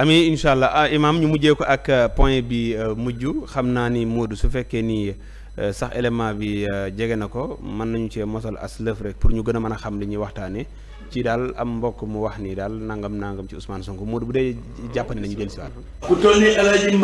ami incha allah ah, imam ñu mujjee ko ak euh, point bi euh, mujj xam naa ni Modou su fekkee nii euh, sax élément bi jege na ko mën nañu cee mosal as lëf rek pour ñu gën a mën a xam li ñuy waxtaanee ci daal am mbokk mu wax ni daal nangam nangam ci Ousmane Sonko Modou bu dee jàppandi nañu jël si ko dëgg-dëgg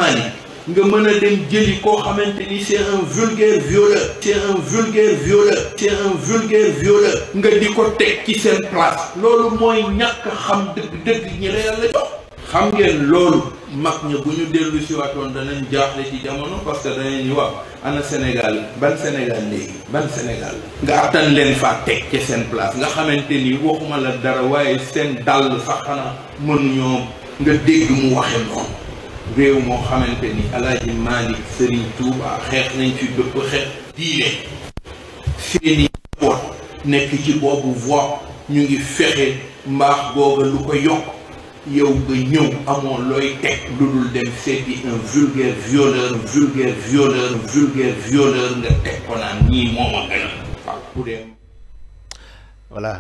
ñi la yàlla xam ngeen loolu mag ña bu ñu dellu si waatoon danañ jaaxle ci jamono parce que danañ wax ana Sénégal ban Sénégal léegi ban Sénégal nga attan leen faa teg ca seen place nga xamante ni waxuma la dara waaye seen dàll sax xanaa mënuñoo nga dégg mu waxe noonu réew moo xamante ni Alaaji Maalik Sëriñ Tuubaa xeex nañ ci dëpp xeex diine seeni boot nekk ci boobu voie ñu ngi fexe mbaax googa lu ko yokk yow nga ñëw amoo looy teg lu dul dem seeti un vulgaire violeur vulgaire violeur vulgaire violeur nga teg ko naan ñii moom a gën waaw ku dem voilà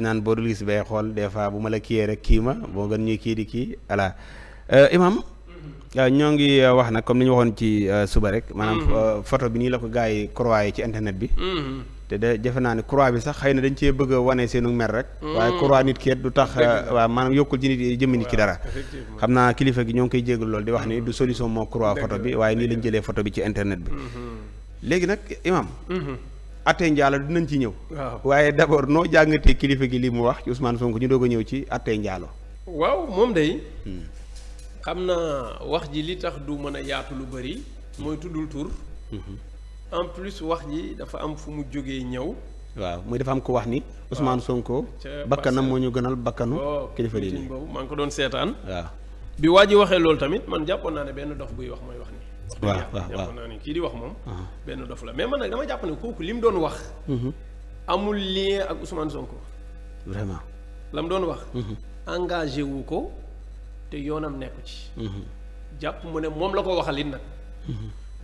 naan boo dul gis bay xool des fois bu ma la kiyee rek kii ma boo gën ñuy kii di kii voilà euh, imam mhm. euh, ñoo ngi euh, wax nag comme ni ñu waxoon ci suba rek maanaam mhm. photo bi nii la ko gars yi ci internet bi mhm. te da defe naa ne croix bi sax xëy na dañ cee bëgg a wane seenu mer rek. Mm. waaye croix nit ket du tax. waa maanaam yokkul ci nit jëmm nit ki dara. xam naa kilifa gi ñoo ngi koy jégalu lool di wax ni mm. du solution moo croix photo bi waaye nii lañ jëlee photo bi ci internet bi. Mm-hmm. léegi nag imam mm-hmm. attee njaalo dinañ ci ñëw. waaye d'abord noo jàngatee kilifa gi li mu wax ci Ousmane Sonko ñu doog a ñëw ci attee njaalo. waaw moom day mm. xam naa wax ji li tax du mën a yaatu lu bëri mooy tuddul tur. Mm-hmm. en plus wax ji dafa am fu mu jógee ñëw. waaw muy dafa am ko wax ni. Ousmane Sonko. bakkanam moo ñu gënal bakkanu. Oh, kilifa diine boobu maa ngi ko doon seetaan. waaw bi waxee loolu tamit man jàppoon naa ne benn dof buy wax mooy wax ni waaw waaw jàppoon kii di wax moom. Ah. benn dof la mais man nag dama jàpp ne kooku li mu doon wax. Mhm. amul lien ak Ousmane Sonko. vraiment. la mu doon wax. Mhm. engagé wu ko te yoonam nekku ci. Mhm. jàpp mu ne moom la ko waxal it nag.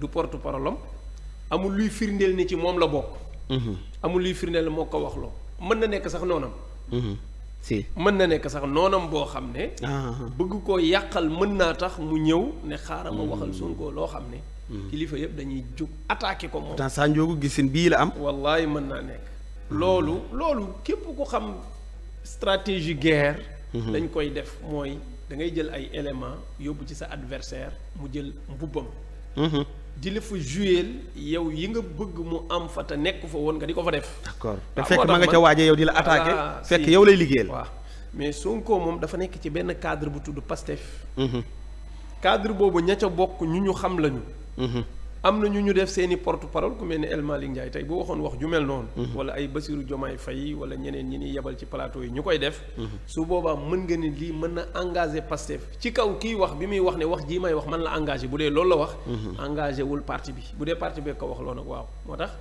du porte parole amul luy firndeel ni ci moom la bokk. Mhm. amul luy firndeel moo ko wax loo mën na nekk sax noonam. Mhm. mën na nekk sax noonam boo xam ne. Ah, ah, ah. bëgg koo yàqal mën naa tax mu ñëw ne xaaral ma mm. waxal Sonko loo xam ne. Mm. kilifa yëpp dañuy jóg attaqué ko moom. pourtant saa njoogu gisin bii la am. wallaay mën naa nekk. loolu mm. loolu képp ku xam stratégie guerre. Mm-hmm. dañ koy def mooy da ngay jël ay éléments yóbbu ci sa adversaire mu jël mbubbam. Mm-hmm. di la fa juyeel yow yi nga bëgg mu am fa te nekk fa woon nga di ko fa def. d'accord ah, te fekk ma nga ca waaje yow di la attaqué. fekk yow lay liggéeyal. waaw mais Sonko moom dafa nekk ci benn cadre bu tudd Pastef. Mhm. cadre boobu ña ca bokk ñu ñu xam lañu. Mhm. am na ñu ñu def seeni porte parole ku mel ni El Malick Ndiaye tey bu waxoon wax ju mel noonu. Mhm. wala ay Basirou Diomaye Faye wala ñeneen ñi ni yebal ci plateau yi ñu koy def. Mhm. su boobaa mën nga ni lii mën na engagé Pastef ci kaw kii wax bi muy wax ne wax jii may wax man la engagé bu dee loolu la wax. Mhm. engagé wul parti bi bu dee parti bee ko wax loolu nag waaw moo tax.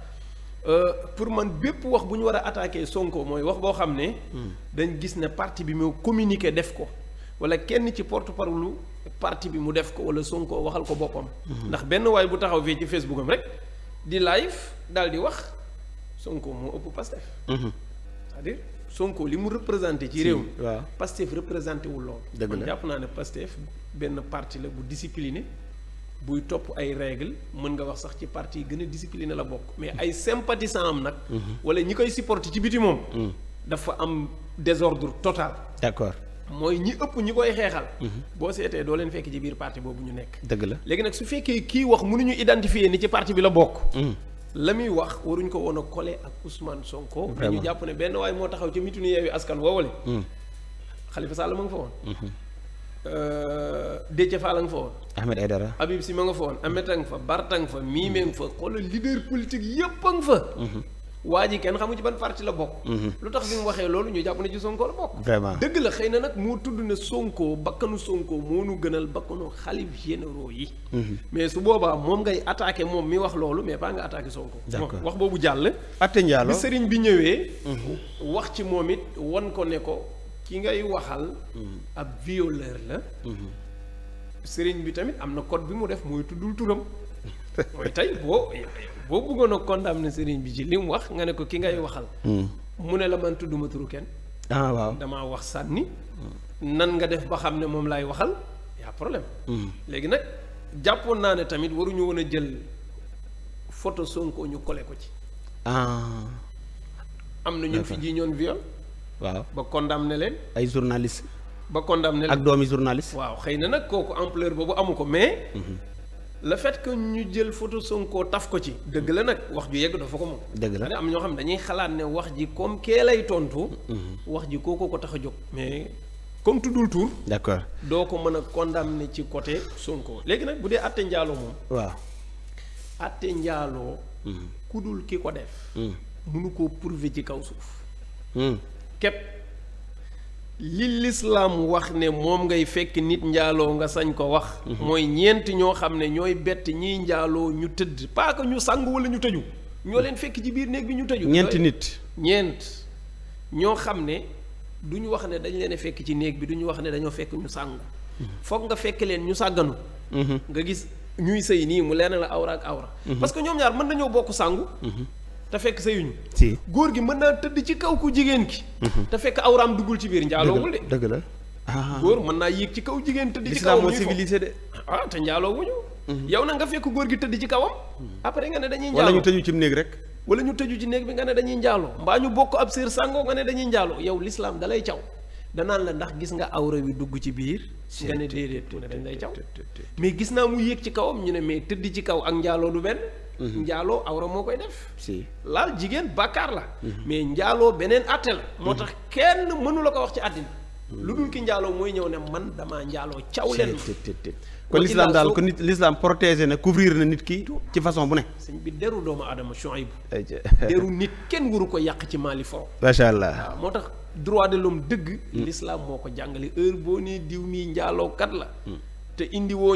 Euh, pour man bépp wax bu ñu war a attaqué Sonko mooy wax boo xam ne. dañ gis ne parti bi mu communiqué def ko. wala kenn ci porte parole parti bi mu def ko wala Sonko waxal ko boppam. Mhm. ndax benn waay bu taxaw fii ci Facebook am rek di live daal di wax Sonko moo ëpp Pastef. Mhm. cest à li mu représenter ci réew mi. waaw Pastef représenté wul lool. dëgg la jàpp naa ne Pastef benn parti la bu disipliner buy topp ay règle mën nga wax sax ci parti yi gën a discipliné la bokk mais ay sympathisant am nag. Mhm. wala ñi koy supporté ci biti moom. dafa am désordre total. d'accord. mooy ñi ëpp ñi koy xeexal. Mhm. boo seetee doo leen fekk ci biir parti boobu ñu nekk. dëgg la léegi nag su fekkee kii wax mënuñu identifier ni ci parti bi la bokk. Mhm. la muy wax waruñ ko woon a coller ak Ousmane Sonko. vraiment jàpp ne benn waay moo taxaw ci mitunu yeewi askan woowale. Mhm. Khalifa Sall ma nga fa woon. Euh, Déthié Fall a nga fa woon. Ahmed Aidara. Habib Sy ma nga fa woon Ahmed nga fa Barth a nga fa Mimé nga fa xoolal leader politique yépp a nga fa. waa ji kenn xamu ci ban parti la bokk. Mhm. lu tax bi mu waxee loolu ñu jàpp na ci Sonko la bokk. vraiment dëgg la xëy na nag moo tudd na sonkoo bakkanu Sonko moo nu gënal bakkanu xalif généraux yi. Mhm. mais su boobaa moom ngay attaqué moom mi wax loolu mais pas nga attaqué Sonko. wax boobu jàll. atte njaalo bi sëriñ bi ñëwee. Mhm. wax ci moom it wan ko ne ko ki ngay waxal. ab violeur la. sëriñ bi tamit am na code bi mu def mooy tuddul turam. mooy tey boo boo bëggoon a condamné sëriñ bi ci li mu wax nga ne ko ki ngay waxal. Hmm. mu ne la man tudduma turu kenn. ah damaa wax sànni. nan nga def ba xam ne moom laay waxal yaa problème. Hmm. léegi nag jàppoon naa ne tamit waruñu woon a jël photo Sonko ñu kole ko ci. Ah. am na ñun fi ji ñoon viol. waaw ba condamné leen. ay journaliste. ba condamné leen ak doomi journaliste. waaw xëy na nag kooku ampleur boobu amu ko mais. Hmm. le fait que ñu jël photo Sonko taf ko ci dëgg la nag wax ju yegg dafa ko moom dëgg la am ñoo xam ne dañuy xalaat ne wax ji comme kee lay tontu mhm. wax ji kooko ko tax a jóg mais comme tuddul tur d'accord doo ko mën a ne ci côté Sonko léegi nag bu dee atte njaaloo moom waaw atte njaaloo mhm. kudul ki ko def mënu mhm. koo prouver ci kaw suuf képp li lislaam wax ne moom ngay fekk nit njaaloo nga sañ ko wax mooy ñeent ñoo xam ne ñooy bett ñiy njaaloo ñu tëdd pas ñu sangu wala ñu tëju ñoo leen fekk ci biir néeg bi ñu tëju ñeenti nit ñeent ñoo xam ne duñu wax ne dañ leen fekk ci néeg bi duñu wax ne dañoo fekk ñu sàngu foog nga fekk leen ñu sàgganu mhm. nga gis ñuy sëy nii mu leen la awra ak awra mhm. parce que ñoom ñaar mën nañoo bokk sàngu mhm. te fekk sëyuñu si góor gi mën naa tëdd ci kaw ku jigéen ki mhm. te fekk awraam duggul ci biir njaaloowul de dëgg la ah. Ah. góor mën naa yéeg ci kaw jigéen tëdd ci kaw moo de ah te njaaloowuñu mhm. yow na fekk góor gi tëdd ci kawam mhm. après nga ne dañuy njaaloo wala ci néeg rek wala ñu tëju ci néeg bi nga ne dañuy njaaloo mbaa ñu bokk ab séer sàngoo nga ne dañuy njaaloo yow lislaam dalay caw danaan la ndax gis nga awra wi dugg ci biir nga ne déedéet dañ lay caw mais gis naa mu yéeg ci kawam ñu ne mais tëdd ci kaw ak njaaloo du benn Mm-hmm. njaaloo awra moo koy def si laal jigéen bàkkaar la mm-hmm. mais njaaloo beneen àtte la moo mm-hmm. tax kenn mënu la ko wax ci àddina lu dul ki njaaloo mooy ñëw ne man damaa njaaloo caw leen kon l'islam daal ko nit l'islam protégé na couvrir na nit ki ci façon bu ne sëñ bi deru doomu aadama Shuayb deru nit kenn waru ko yàq ci maali foro macha allah moo tax droit de l'homme dëgg mm. l'islam moo ko jàngale heure boo nii diw nii njaalookat la mm. te indi woo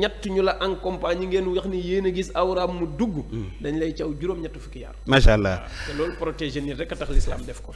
ñett ñu la accompagner ngeen wax ni yéen a gis awraam mu dugg. Hmm. dañ lay caw juróom-ñett fukki yaar. macha allah te loolu protéger nit rek a tax lislaam def ko.